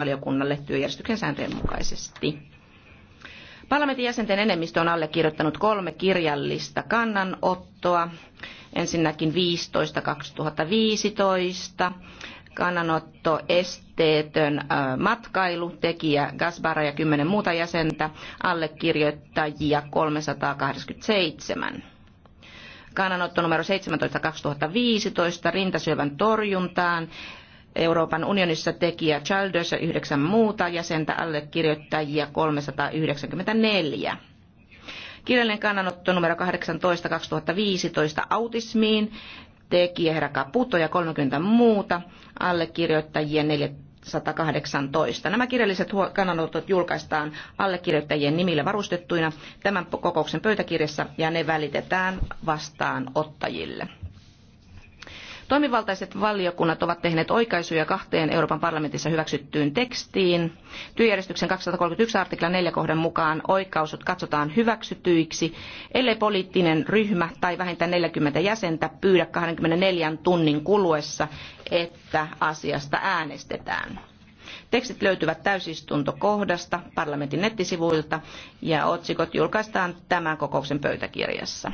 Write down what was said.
valiokunnalle työjärjestyksen sääntöjen mukaisesti. Parlamentin jäsenten enemmistö on allekirjoittanut kolme kirjallista kannanottoa. Ensinnäkin 15 2015 kannanotto esteetön matkailu, tekijä Gasbara ja kymmenen muuta jäsentä, allekirjoittajia 387. Kannanotto numero 17 2015 rintasyövän torjuntaan, Euroopan unionissa tekijä Childers ja yhdeksän muuta jäsentä allekirjoittajia 394. Kirjallinen kannanotto numero 18 2015 autismiin, tekijä herra Caputo ja 30 muuta, allekirjoittajia 418. Nämä kirjalliset kannanotot julkaistaan allekirjoittajien nimillä varustettuina tämän kokouksen pöytäkirjassa ja ne välitetään vastaanottajille. Toimivaltaiset valiokunnat ovat tehneet oikaisuja kahteen Euroopan parlamentissa hyväksyttyyn tekstiin. Työjärjestyksen 231 artiklan 4 kohdan mukaan oikaisut katsotaan hyväksytyiksi, ellei poliittinen ryhmä tai vähintään 40 jäsentä pyydä 24 tunnin kuluessa, että asiasta äänestetään. Tekstit löytyvät täysistuntokohdasta parlamentin nettisivuilta ja otsikot julkaistaan tämän kokouksen pöytäkirjassa.